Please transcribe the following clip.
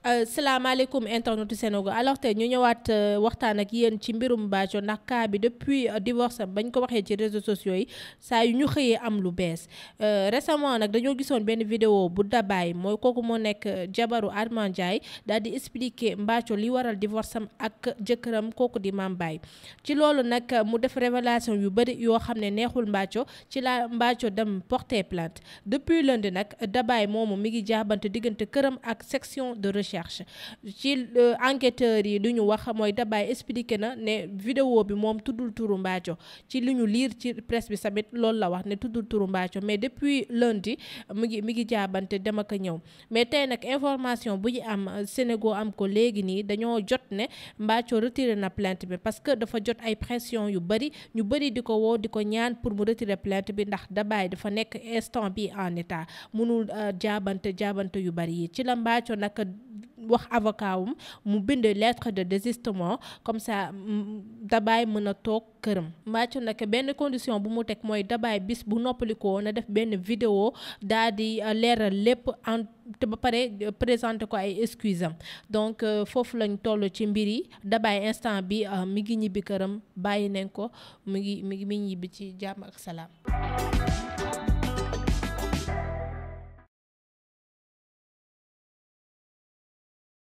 Euh, salaamaaleykum internetu Sénégal alors tey ñu ñëwaat euh, waxtaan ak yéen ci mbirum Bathio ndax cas bi depuis euh, divorce bañ ko waxee ci réseau sociaux yi saa yu ñu xëyee am lu bees récemment nag dañoo gisoon benn vidéo bu dabaay mooy kooku moo nekk jabaru Armand daal di expliquer Bathio li waral divorce am ak jëkkëram kooku di Mame Baye ci loolu nag mu def révélation yu bëri yoo xam ne neexul Bathio ci la Bathio dem porter plainte depuis lundi nag dabaay moomu mi ngi jaabante diggante këram ak section de recherche recherche ci euh, enquêteurs yi lu ñu wax mooy Dabaye expliqué na ne vidéo bi moom tuddul turu Mbathio ci li ñu liir ci presse bi samit loolu la wax ne tuddul turu Mbathio mais depuis lundi mu ngi mi ngi jaabante dem ak ñëw mais tey nag information bu ñu am euh, Sénégal am ko léegi nii dañoo jot ne Mbathio retiré na plainte bi parce que dafa jot ay pression yu bëri ñu bëri di ko woo di ko ñaan pour mu retirer plainte bi ndax Dabaye dafa nekk instant bi en état mënul euh, jaabante jaabante wax avocat mu bind lettre de désistement comme ça dabaay mën a toog këram mbàccu nag benn condition bu mu teg mooy dabaay bis bu noppalikoo na def benn vidéo daa di euh, leeral lépp en te ba pare euh, présenté ko ay excuse donc euh, foofu lañu toll ci mbir yi dabaay instant bi mi ngi ñibbi këram bàyyi nañ ko mu ngi mi ngi mi ñibbi ci jàmm ak salaam